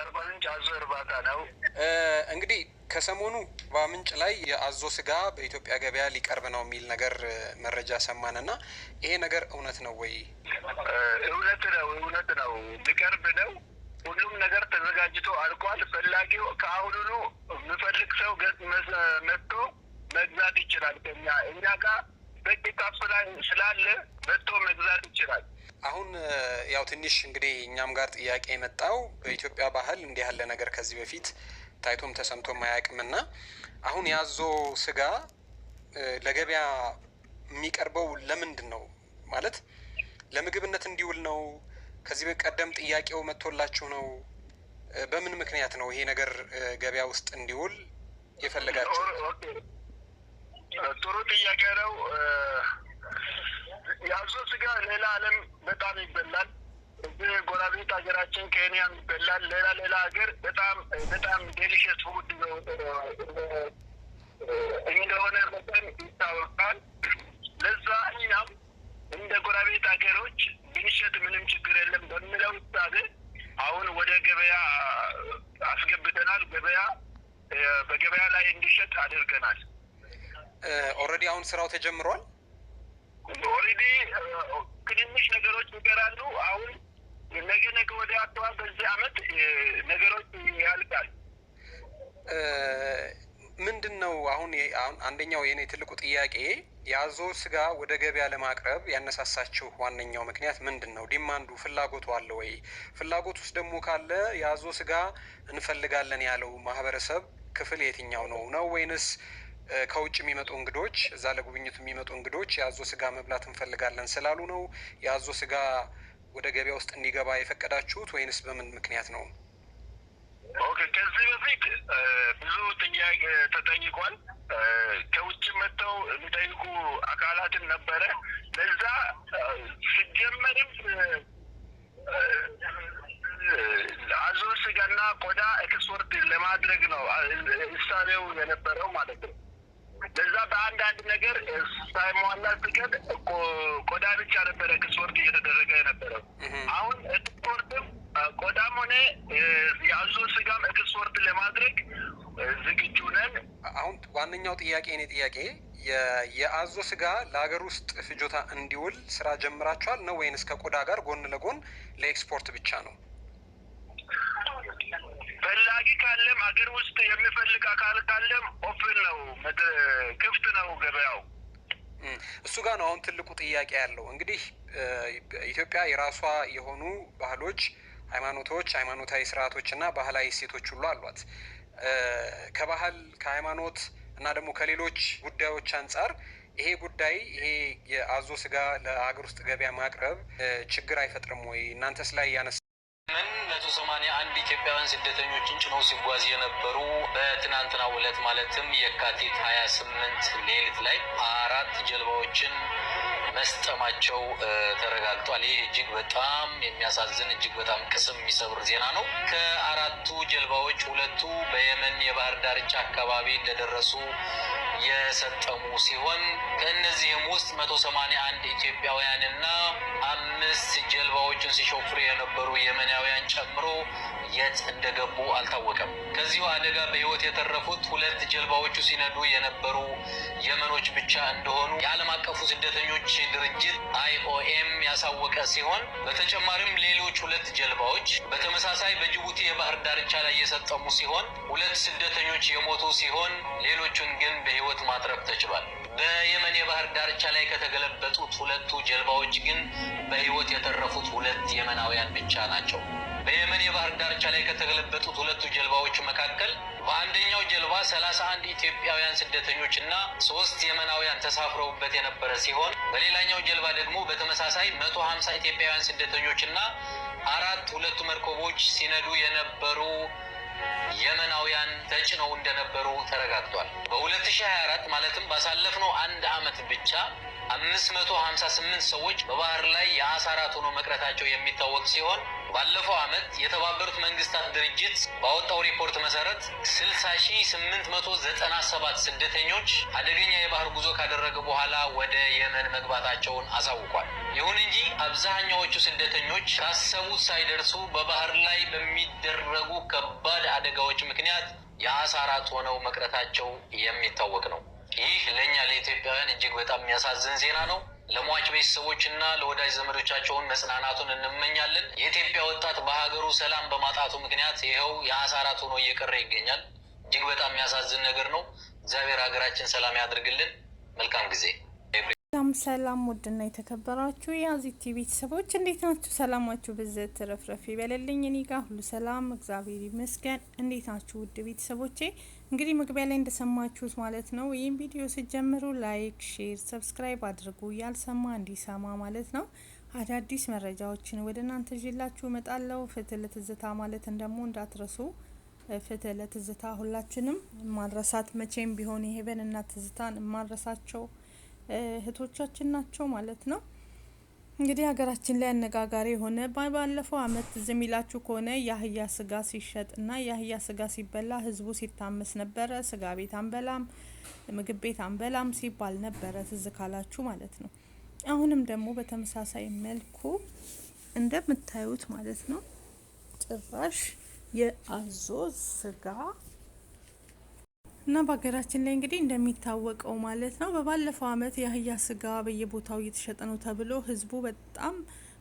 አርባምንጭ አዞ እርባታ ነው። እንግዲህ ከሰሞኑ ምንጭ ላይ የአዞ ስጋ በኢትዮጵያ ገበያ ሊቀርብ ነው የሚል ነገር መረጃ ሰማን እና ይሄ ነገር እውነት ነው ወይ? እውነት ነው፣ እውነት ነው፣ ሊቀርብ ነው። ሁሉም ነገር ተዘጋጅቶ አልቋል። ፈላጊው ከአሁኑኑ የምፈልግ ሰው መጥቶ መግዛት ይችላል። ከኛ እኛ ጋር በቂቃ ስላለ መጥቶ መግዛት ይችላል። አሁን ያው ትንሽ እንግዲህ እኛም ጋር ጥያቄ የመጣው በኢትዮጵያ ባህል እንዲህ ያለ ነገር ከዚህ በፊት ታይቶም ተሰምቶም አያውቅም አሁን ያዞ ስጋ ለገበያ የሚቀርበው ለምንድን ነው? ማለት ለምግብነት እንዲውል ነው? ከዚህ በቀደም ጥያቄው መጥቶላችሁ ነው? በምን ምክንያት ነው ይሄ ነገር ገበያ ውስጥ እንዲውል የፈለጋችሁ? ጥሩ ጥያቄ ነው። የአዞ ስጋ ሌላ ዓለም በጣም ይበላል። እዚህ ጎረቤት ሀገራችን ኬንያም ይበላል። ሌላ ሌላ ሀገር በጣም በጣም ዴሊሽስ ፉድ እንደሆነ መጠን ይታወቃል። ለዛ እኛም እንደ ጎረቤት ሀገሮች ብንሸጥ ምንም ችግር የለም በሚለው ሳቤ አሁን ወደ ገበያ አስገብተናል። ገበያ በገበያ ላይ እንዲሸጥ አድርገናል። ኦልሬዲ አሁን ስራው ተጀምሯል። ኦልሬዲ ትንንሽ ነገሮች ይገራሉ። አሁን ነገ ነገ ወደ አተዋል በዚህ አመት ነገሮች ያልቃል። ምንድን ነው አሁን አንደኛው የኔ ትልቁ ጥያቄ የአዞ ስጋ ወደ ገበያ ለማቅረብ ያነሳሳችሁ ዋነኛው ምክንያት ምንድን ነው? ዲማንዱ ፍላጎቱ አለ ወይ? ፍላጎት ውስጥ ደግሞ ካለ የአዞ ስጋ እንፈልጋለን ያለው ማህበረሰብ ክፍል የትኛው ነው ነው ወይንስ ከውጭ የሚመጡ እንግዶች እዛ ለጉብኝቱ የሚመጡ እንግዶች የአዞ ስጋ መብላት እንፈልጋለን ስላሉ ነው የአዞ ስጋ ወደ ገበያ ውስጥ እንዲገባ የፈቀዳችሁት ወይንስ በምን ምክንያት ነው? ኦኬ፣ ከዚህ በፊት ብዙ ጥያቄ ተጠይቋል። ከውጭ መጥተው የሚጠይቁ አካላትን ነበረ። ለዛ ሲጀመርም አዞ ስጋና ቆዳ ኤክስፖርት ለማድረግ ነው እሳቤው የነበረው ማለት ነው። በዛ በአንዳንድ ነገር ሳይሟላ ሲቀር ቆዳ ብቻ ነበረ ክስወርድ እየተደረገ የነበረው። አሁን እክስወርድም ቆዳም ሆነ የአዞ ስጋም እክስወርድ ለማድረግ ዝግጁ ነን። አሁን ዋነኛው ጥያቄ እኔ ጥያቄ የአዞ ስጋ ለሀገር ውስጥ ፍጆታ እንዲውል ስራ ጀምራችኋል ነው ወይንስ ከቆዳ ጋር ጎን ለጎን ለኤክስፖርት ብቻ ነው? ፈላጊ ካለም ሀገር ውስጥ የሚፈልግ አካል ካለም ኦፕን ነው፣ ክፍት ነው ገበያው። እሱ ጋር ነው አሁን ትልቁ ጥያቄ ያለው። እንግዲህ ኢትዮጵያ የራሷ የሆኑ ባህሎች፣ ሃይማኖቶች፣ ሃይማኖታዊ ስርዓቶች እና ባህላዊ እሴቶች ሁሉ አሏት። ከባህል ከሃይማኖት እና ደግሞ ከሌሎች ጉዳዮች አንጻር ይሄ ጉዳይ ይሄ የአዞ ስጋ ለሀገር ውስጥ ገበያ ማቅረብ ችግር አይፈጥርም ወይ? እናንተስ ላይ ያነሳ ምን መቶ ሰማኒያ አንድ ኢትዮጵያውያን ስደተኞችን ጭኖ ሲጓዝ የነበሩ በትናንትና ዕለት ማለትም የካቲት ሀያ ስምንት ሌሊት ላይ አራት ጀልባዎችን መስጠማቸው ተረጋግጧል። ይህ እጅግ በጣም የሚያሳዝን እጅግ በጣም ቅስም የሚሰብር ዜና ነው። ከአራቱ ጀልባዎች ሁለቱ በየመን የባህር ዳርቻ አካባቢ እንደደረሱ የሰጠሙ ሲሆን ከእነዚህም ውስጥ መቶ ሰማንያ አንድ ኢትዮጵያውያንና አምስት ጀልባዎችን ሲሾፍሩ የነበሩ የመናውያን ጨምሮ የት እንደገቡ አልታወቀም። ከዚሁ አደጋ በህይወት የተረፉት ሁለት ጀልባዎቹ ሲነዱ የነበሩ የመኖች ብቻ እንደሆኑ የዓለም አቀፉ ስደተኞች ድርጅት አይኦኤም ያሳወቀ ሲሆን በተጨማሪም ሌሎች ሁለት ጀልባዎች በተመሳሳይ በጅቡቲ የባህር ዳርቻ ላይ የሰጠሙ ሲሆን ሁለት ስደተኞች የሞቱ ሲሆን ሌሎቹን ግን በህይወት ማትረፍ ተችሏል። በየመን የባህር ዳርቻ ላይ ከተገለበጡት ሁለቱ ጀልባዎች ግን በህይወት የተረፉት ሁለት የመናውያን ብቻ ናቸው። በየመን የባህር ዳርቻ ላይ ከተገለበጡት ሁለቱ ጀልባዎች መካከል በአንደኛው ጀልባ ሰላሳ ኢትዮጵያውያን ስደተኞች እና ሶስት የመናውያን ተሳፍረውበት የነበረ ሲሆን በሌላኛው ጀልባ ደግሞ በተመሳሳይ መቶ ኢትዮጵያውያን ስደተኞች እና አራት ሁለቱ መርከቦች ሲነዱ የነበሩ የመናውያን ተጭነው እንደነበሩ ተረጋግጧል። በ2024 ማለትም ባሳለፍነው አንድ ዓመት ብቻ አምስት መቶ ሀምሳ ስምንት ሰዎች በባህር ላይ የአሳ ራት ሆኖ መቅረታቸው የሚታወቅ ሲሆን ባለፈው ዓመት የተባበሩት መንግስታት ድርጅት ባወጣው ሪፖርት መሰረት ስልሳ ሺ ስምንት መቶ ዘጠና ሰባት ስደተኞች አደገኛ የባህር ጉዞ ካደረገ በኋላ ወደ የመን መግባታቸውን አሳውቋል። ይሁን እንጂ አብዛኛዎቹ ስደተኞች ካሰቡት ሳይደርሱ በባህር ላይ በሚደረጉ ከባድ አደጋዎች ምክንያት የአሳ ራት ሆነው መቅረታቸው የሚታወቅ ነው። ይህ ለእኛ ለኢትዮጵያውያን እጅግ በጣም የሚያሳዝን ዜና ነው። ለሟች ቤተሰቦችና ለወዳጅ ዘመዶቻቸውን መጽናናቱን እንመኛለን። የኢትዮጵያ ወጣት በሀገሩ ሰላም በማጣቱ ምክንያት ይኸው የአሳራት ሆኖ እየቀረ ይገኛል። እጅግ በጣም የሚያሳዝን ነገር ነው። እግዚአብሔር ሀገራችን ሰላም ያድርግልን። መልካም ጊዜ። ሰላም ሰላም፣ ውድና የተከበራችሁ የአዚቲ ቤተሰቦች እንዴት ናችሁ? ሰላማችሁ ብዝት ትረፍረፍ ይበለልኝ። እኔ ጋር ሁሉ ሰላም፣ እግዚአብሔር ይመስገን። እንዴት ናችሁ ውድ ቤተሰቦቼ? እንግዲህ መግቢያ ላይ እንደሰማችሁት ማለት ነው። ይህም ቪዲዮ ስጀምሩ ላይክ፣ ሼር፣ ሰብስክራይብ አድርጉ ያልሰማ እንዲሰማ ማለት ነው። አዳዲስ መረጃዎችን ወደ እናንተ ይዤላችሁ እመጣለሁ። ፍትህ ለትዝታ ማለትን ደግሞ እንዳትረሱ። ፍትህ ለትዝታ ሁላችንም ማድረሳት መቼም ቢሆን የሄቨን እና ትዝታን ማድረሳቸው እህቶቻችን ናቸው ማለት ነው። እንግዲህ ሀገራችን ላይ አነጋጋሪ የሆነ ባለፈው አመት ትዝ የሚላችሁ ከሆነ የአህያ ስጋ ሲሸጥና የአህያ ስጋ ሲበላ ህዝቡ ሲታመስ ነበረ። ስጋ ቤት አንበላም፣ ምግብ ቤት አንበላም ሲባል ነበረ፣ ትዝ ካላችሁ ማለት ነው። አሁንም ደግሞ በተመሳሳይ መልኩ እንደምታዩት ማለት ነው ጭራሽ የአዞ ስጋ እና በሀገራችን ላይ እንግዲህ እንደሚታወቀው ማለት ነው በባለፈው ዓመት የአህያ ስጋ በየቦታው እየተሸጠ ነው ተብሎ ህዝቡ በጣም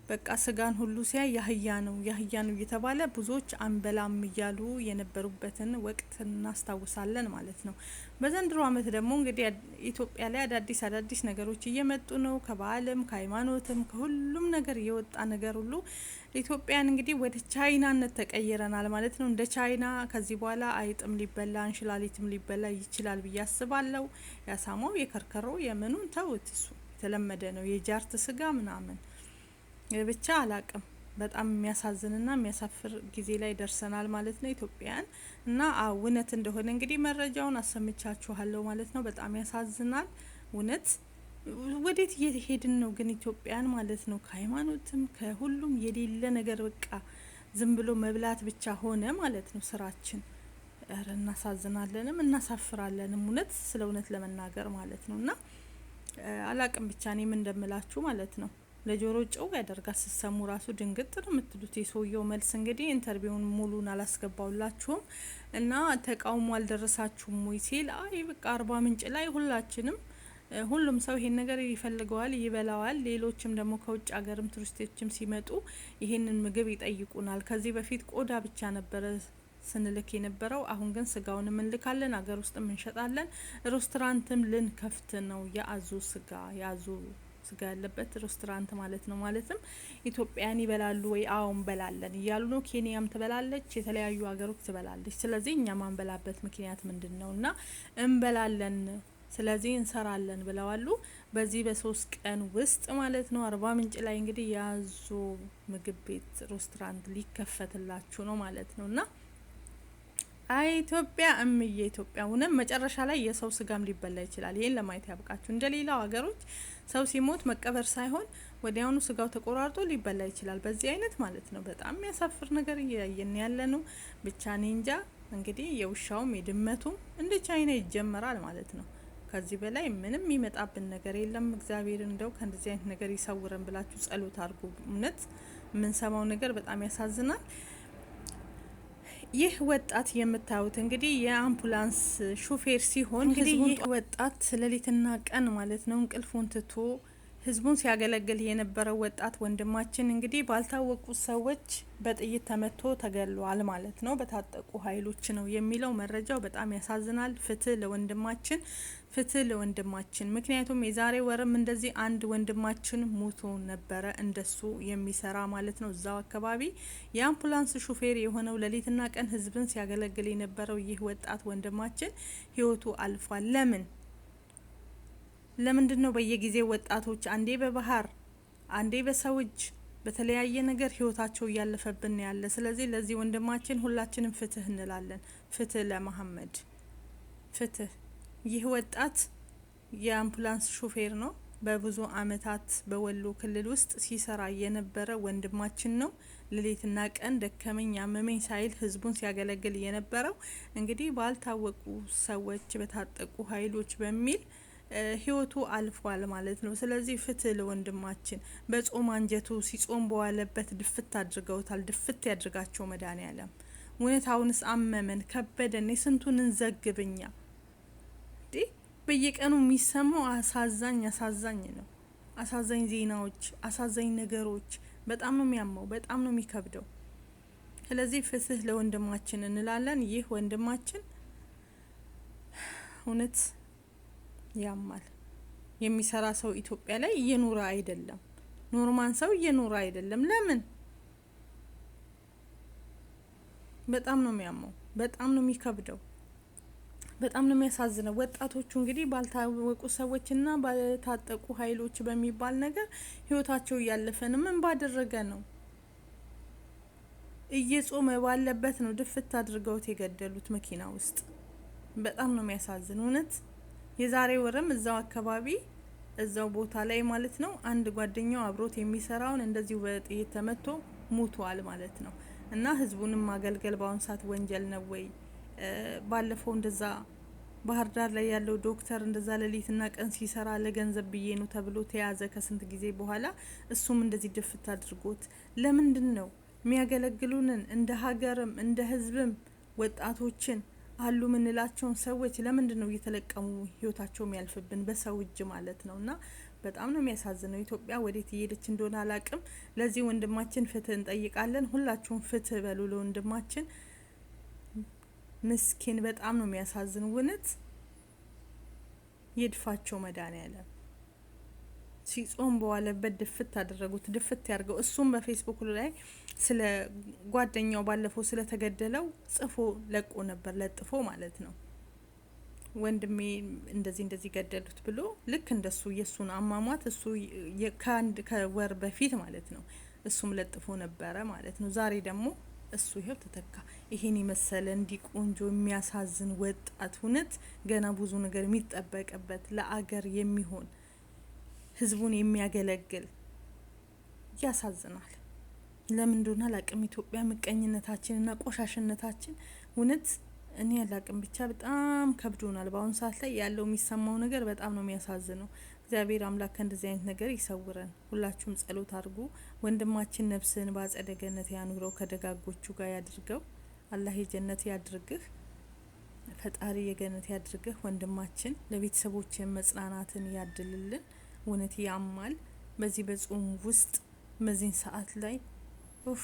በቃ ስጋን ሁሉ ሲያይ ያህያ ነው ያህያ ነው እየተባለ ብዙዎች አንበላም እያሉ የነበሩበትን ወቅት እናስታውሳለን ማለት ነው። በዘንድሮ አመት ደግሞ እንግዲህ ኢትዮጵያ ላይ አዳዲስ አዳዲስ ነገሮች እየመጡ ነው። ከባህልም ከሃይማኖትም ከሁሉም ነገር የወጣ ነገር ሁሉ ኢትዮጵያን እንግዲህ ወደ ቻይናነት ተቀይረናል ማለት ነው። እንደ ቻይና ከዚህ በኋላ አይጥም ሊበላ እንሽላሊትም ሊበላ ይችላል ብዬ አስባለሁ። ያሳማው የከርከሮ የምኑን ተውት፣ እሱ የተለመደ ነው። የጃርት ስጋ ምናምን ብቻ አላቅም። በጣም የሚያሳዝንና የሚያሳፍር ጊዜ ላይ ደርሰናል ማለት ነው ኢትዮጵያን እና እውነት እንደሆነ እንግዲህ መረጃውን አሰምቻችኋለሁ ማለት ነው። በጣም ያሳዝናል እውነት ወዴት እየሄድን ነው ግን ኢትዮጵያን ማለት ነው። ከሃይማኖትም ከሁሉም የሌለ ነገር በቃ ዝም ብሎ መብላት ብቻ ሆነ ማለት ነው ስራችን። ኧረ እናሳዝናለንም እናሳፍራለንም እውነት ስለ እውነት ለመናገር ማለት ነው። እና አላቅም ብቻ እኔም እንደምላችሁ ማለት ነው ለጆሮ ጨው ያደርጋል። ስሰሙ ራሱ ድንግጥ ነው የምትሉት። የሰውየው መልስ እንግዲህ ኢንተርቪውን ሙሉን አላስገባውላችሁም እና ተቃውሞ አልደረሳችሁም ወይ ሲል አይ በቃ አርባ ምንጭ ላይ ሁላችንም ሁሉም ሰው ይሄን ነገር ይፈልገዋል፣ ይበላዋል። ሌሎችም ደግሞ ከውጭ ሀገርም ቱሪስቶችም ሲመጡ ይሄንን ምግብ ይጠይቁናል። ከዚህ በፊት ቆዳ ብቻ ነበረ ስንልክ የነበረው አሁን ግን ስጋውን እንልካለን፣ አገር ውስጥም እንሸጣለን። ሬስቶራንትም ልን ከፍት ነው። የአዞ ስጋ የአዞ ስጋ ያለበት ሬስቶራንት ማለት ነው። ማለትም ኢትዮጵያን ይበላሉ ወይ? አዎ እንበላለን እያሉ ነው። ኬንያም ትበላለች፣ የተለያዩ ሀገሮች ትበላለች። ስለዚህ እኛ ማንበላበት ምክንያት ምንድን ነው? እና እንበላለን ስለዚህ እንሰራለን ብለዋሉ። በዚህ በሶስት ቀን ውስጥ ማለት ነው አርባ ምንጭ ላይ እንግዲህ የአዞ ምግብ ቤት ሬስቶራንት ሊከፈትላችሁ ነው ማለት ነው እና አይ ኢትዮጵያ እምዬ ኢትዮጵያ ሁነም መጨረሻ ላይ የሰው ስጋም ሊበላ ይችላል። ይህን ለማየት ያብቃችሁ። እንደ ሌላው ሀገሮች ሰው ሲሞት መቀበር ሳይሆን ወዲያውኑ ስጋው ተቆራርጦ ሊበላ ይችላል። በዚህ አይነት ማለት ነው። በጣም የሚያሳፍር ነገር እያየን ያለ ነው። ብቻ እኔ እንጃ እንግዲህ የውሻውም የድመቱም እንደ ቻይና ይጀመራል ማለት ነው። ከዚህ በላይ ምንም ይመጣብን ነገር የለም። እግዚአብሔር እንደው ከእንደዚህ አይነት ነገር ይሰውረን ብላችሁ ጸሎት አድርጉ። እውነት የምንሰማው ነገር በጣም ያሳዝናል። ይህ ወጣት የምታዩት እንግዲህ የአምቡላንስ ሹፌር ሲሆን እንግዲህ ይህ ወጣት ሌሊትና ቀን ማለት ነው እንቅልፉን ትቶ ህዝቡን ሲያገለግል የነበረው ወጣት ወንድማችን እንግዲህ ባልታወቁ ሰዎች በጥይት ተመቶ ተገሏል ማለት ነው። በታጠቁ ኃይሎች ነው የሚለው መረጃው በጣም ያሳዝናል። ፍትህ ለወንድማችን፣ ፍትህ ለወንድማችን። ምክንያቱም የዛሬ ወርም እንደዚህ አንድ ወንድማችን ሞቶ ነበረ፣ እንደሱ የሚሰራ ማለት ነው እዛው አካባቢ የአምቡላንስ ሹፌር የሆነው ሌሊትና ቀን ህዝብን ሲያገለግል የነበረው ይህ ወጣት ወንድማችን ህይወቱ አልፏል። ለምን ለምንድን ነው በየጊዜው ወጣቶች አንዴ በባህር አንዴ በሰው እጅ በተለያየ ነገር ህይወታቸው እያለፈብን ያለ? ስለዚህ ለዚህ ወንድማችን ሁላችንም ፍትህ እንላለን። ፍትህ ለመሀመድ ፍትህ። ይህ ወጣት የአምቡላንስ ሹፌር ነው። በብዙ አመታት በወሎ ክልል ውስጥ ሲሰራ የነበረ ወንድማችን ነው። ሌሊትና ቀን ደከመኝ ያመመኝ ሳይል ህዝቡን ሲያገለግል የነበረው እንግዲህ ባልታወቁ ሰዎች በታጠቁ ኃይሎች በሚል ህይወቱ አልፏል ማለት ነው። ስለዚህ ፍትህ ለወንድማችን በጾም አንጀቱ ሲጾም በዋለበት ድፍት አድርገውታል። ድፍት ያድርጋቸው መድኃኔ ዓለም። እውነታውንስ አመመን ከበደን። የስንቱን እንዘግብኛ በየቀኑ የሚሰማው አሳዛኝ አሳዛኝ ነው። አሳዛኝ ዜናዎች፣ አሳዛኝ ነገሮች በጣም ነው የሚያመው፣ በጣም ነው የሚከብደው። ስለዚህ ፍትህ ለወንድማችን እንላለን። ይህ ወንድማችን እውነት ያማል። የሚሰራ ሰው ኢትዮጵያ ላይ እየኖረ አይደለም። ኖርማን ሰው እየኖረ አይደለም። ለምን? በጣም ነው የሚያመው። በጣም ነው የሚከብደው። በጣም ነው የሚያሳዝነው። ወጣቶቹ እንግዲህ ባልታወቁ ሰዎችና ባልታጠቁ ኃይሎች በሚባል ነገር ህይወታቸው እያለፈንም ምን ባደረገ ነው እየጾመ ባለበት ነው ድፍት አድርገውት የገደሉት መኪና ውስጥ። በጣም ነው የሚያሳዝን እውነት። የዛሬ ወርም እዛው አካባቢ እዛው ቦታ ላይ ማለት ነው አንድ ጓደኛው አብሮት የሚሰራውን እንደዚሁ በጥይት ተመቶ ሙቷል ማለት ነው። እና ህዝቡንም ማገልገል በአሁኑ ሰዓት ወንጀል ነው ወይ? ባለፈው እንደዛ ባህር ዳር ላይ ያለው ዶክተር እንደዛ ሌሊትና ቀን ሲሰራ ለገንዘብ ብዬ ነው ተብሎ ተያዘ ከስንት ጊዜ በኋላ። እሱም እንደዚህ ድፍት አድርጎት ለምንድን ነው የሚያገለግሉንን እንደ ሀገርም እንደ ህዝብም ወጣቶችን አሉ የምንላቸውን ሰዎች ለምንድን ነው እየተለቀሙ ህይወታቸው የሚያልፍብን በሰው እጅ ማለት ነው? እና በጣም ነው የሚያሳዝነው። ኢትዮጵያ ወዴት እየሄደች እንደሆነ አላቅም። ለዚህ ወንድማችን ፍትህ እንጠይቃለን። ሁላችሁም ፍትህ በሉ ለወንድማችን። ምስኪን በጣም ነው የሚያሳዝን። ውነት ይድፋቸው መድኃኔዓለም ሲጾም በዋለበት ድፍት አደረጉት። ድፍት ያርገው። እሱም በፌስቡክ ላይ ስለ ጓደኛው ባለፈው ስለተገደለው ጽፎ ለቆ ነበር፣ ለጥፎ ማለት ነው። ወንድሜ እንደዚህ እንደዚህ ገደሉት ብሎ ልክ እንደሱ የእሱን አሟሟት እሱ ከአንድ ከወር በፊት ማለት ነው እሱም ለጥፎ ነበረ ማለት ነው። ዛሬ ደግሞ እሱ ይሄው ተተካ። ይሄን የመሰለ እንዲህ ቆንጆ የሚያሳዝን ወጣት እውነት ገና ብዙ ነገር የሚጠበቅበት ለአገር የሚሆን ህዝቡን የሚያገለግል ያሳዝናል። ለምን እንደሆነ አላቅም። ኢትዮጵያ ምቀኝነታችንና ቆሻሽነታችን እውነት እኔ አላቅም። ብቻ በጣም ከብዶናል። በአሁኑ ሰዓት ላይ ያለው የሚሰማው ነገር በጣም ነው የሚያሳዝነው። እግዚአብሔር አምላክ ከእንደዚህ አይነት ነገር ይሰውረን። ሁላችሁም ጸሎት አድርጉ። ወንድማችን ነፍስን በአጸደ ገነት ያኑረው፣ ከደጋጎቹ ጋር ያድርገው። አላህ የጀነት ያድርግህ፣ ፈጣሪ የገነት ያድርግህ። ወንድማችን ለቤተሰቦችን መጽናናትን ያድልልን። እውነት ያማል። በዚህ በጾም ውስጥ በዚህን ሰዓት ላይ ኡፍ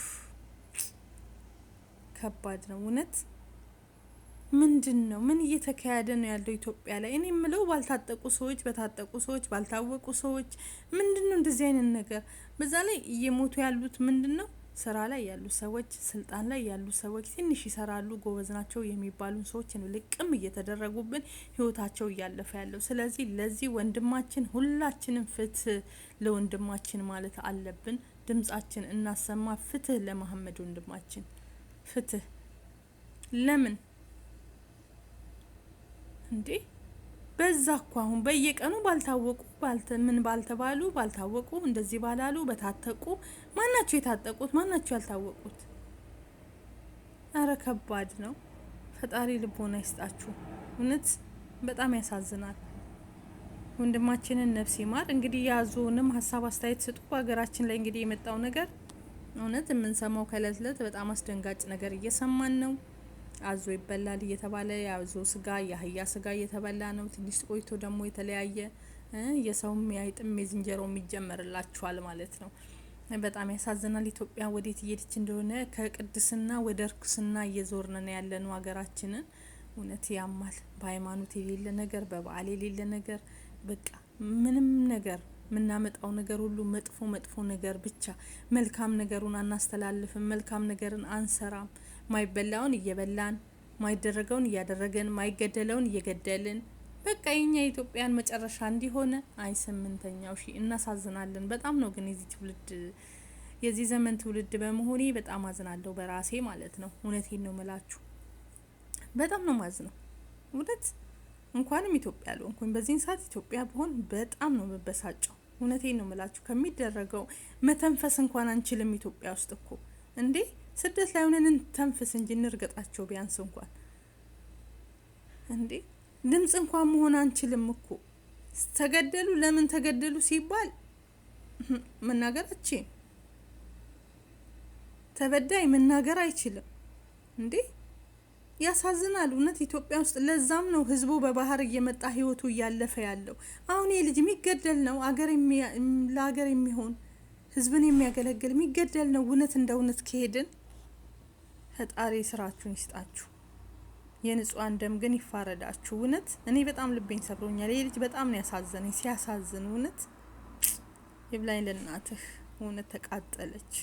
ከባድ ነው እውነት። ምንድን ነው ምን እየተካሄደ ነው ያለው ኢትዮጵያ ላይ? እኔ የምለው ባልታጠቁ ሰዎች፣ በታጠቁ ሰዎች፣ ባልታወቁ ሰዎች ምንድን ነው እንደዚህ አይነት ነገር? በዛ ላይ እየሞቱ ያሉት ምንድን ነው ስራ ላይ ያሉ ሰዎች፣ ስልጣን ላይ ያሉ ሰዎች፣ ትንሽ ይሰራሉ ጎበዝ ናቸው የሚባሉን ነው ልቅም እየተደረጉብን ህይወታቸው እያለፈ ያለው። ስለዚህ ለዚህ ወንድማችን ሁላችንም ፍትህ ለወንድማችን ማለት አለብን። ድምጻችን እናሰማ። ፍትህ ለመሀመድ ወንድማችን ፍትህ። ለምን እንዴ በዛ እኮ አሁን በየቀኑ ባልታወቁ ምን ባልተባሉ ባልታወቁ እንደዚህ ባላሉ በታጠቁ ማናቸው የታጠቁት ማናቸው ያልታወቁት? አረ ከባድ ነው። ፈጣሪ ልቦና ይስጣችሁ። እውነት በጣም ያሳዝናል። ወንድማችንን ነፍስ ይማር። እንግዲህ የያዙንም ሀሳብ አስተያየት ስጡ። በሀገራችን ላይ እንግዲህ የመጣው ነገር እውነት የምንሰማው ከእለት እለት በጣም አስደንጋጭ ነገር እየሰማን ነው። አዞ ይበላል እየተባለ የአዞ ስጋ የአህያ ስጋ እየተበላ ነው። ትንሽ ቆይቶ ደግሞ የተለያየ የሰውም የአይጥም የዝንጀሮም ይጀመርላችኋል ማለት ነው። በጣም ያሳዝናል። ኢትዮጵያ ወዴት እየሄደች እንደሆነ ከቅድስና ወደ እርኩስና እየዞርን ያለ ነው ሀገራችንን። እውነት ያማል። በሃይማኖት የሌለ ነገር፣ በበዓል የሌለ ነገር፣ በቃ ምንም ነገር የምናመጣው ነገር ሁሉ መጥፎ መጥፎ ነገር ብቻ። መልካም ነገሩን አናስተላልፍም። መልካም ነገርን አንሰራም። ማይበላውን እየበላን ማይደረገውን እያደረገን ማይገደለውን እየገደልን በቃ የኛ የኢትዮጵያን መጨረሻ እንዲሆነ አይ ስምንተኛው ሺ እናሳዝናለን። በጣም ነው ግን የዚህ ትውልድ የዚህ ዘመን ትውልድ በመሆኔ በጣም አዝናለሁ በራሴ ማለት ነው። እውነቴን ነው ምላችሁ በጣም ነው ማዝነው። እውነት። እንኳንም ኢትዮጵያ አልሆንኩኝ በዚህን ሰዓት ኢትዮጵያ ብሆን በጣም ነው መበሳጨው። እውነቴን ነው ምላችሁ ከሚደረገው መተንፈስ እንኳን አንችልም ኢትዮጵያ ውስጥ እኮ እንዴ ስደት ላይ ሆነን እንተንፍስ እንጂ እንርገጣቸው ቢያንስ እንኳን እንዴ ድምፅ እንኳን መሆን አንችልም እኮ ተገደሉ ለምን ተገደሉ ሲባል መናገራችን ተበዳይ መናገር አይችልም እንዴ ያሳዝናል እውነት ኢትዮጵያ ውስጥ ለዛም ነው ህዝቡ በባህር እየመጣ ህይወቱ እያለፈ ያለው አሁን ይህ ልጅ የሚገደል ነው ለሀገር የሚሆን ህዝብን የሚያገለግል የሚገደል ነው እውነት እንደ እውነት ከሄድን ፈጣሪ ስራችሁን ይስጣችሁ፣ የንጹሃን ደም ግን ይፋረዳችሁ። እውነት እኔ በጣም ልቤን ሰብሮኛል። ይህ ልጅ በጣም ነው ያሳዘነኝ። ሲያሳዝን እውነት ይብላኝ ለእናትህ እውነት ተቃጠለች።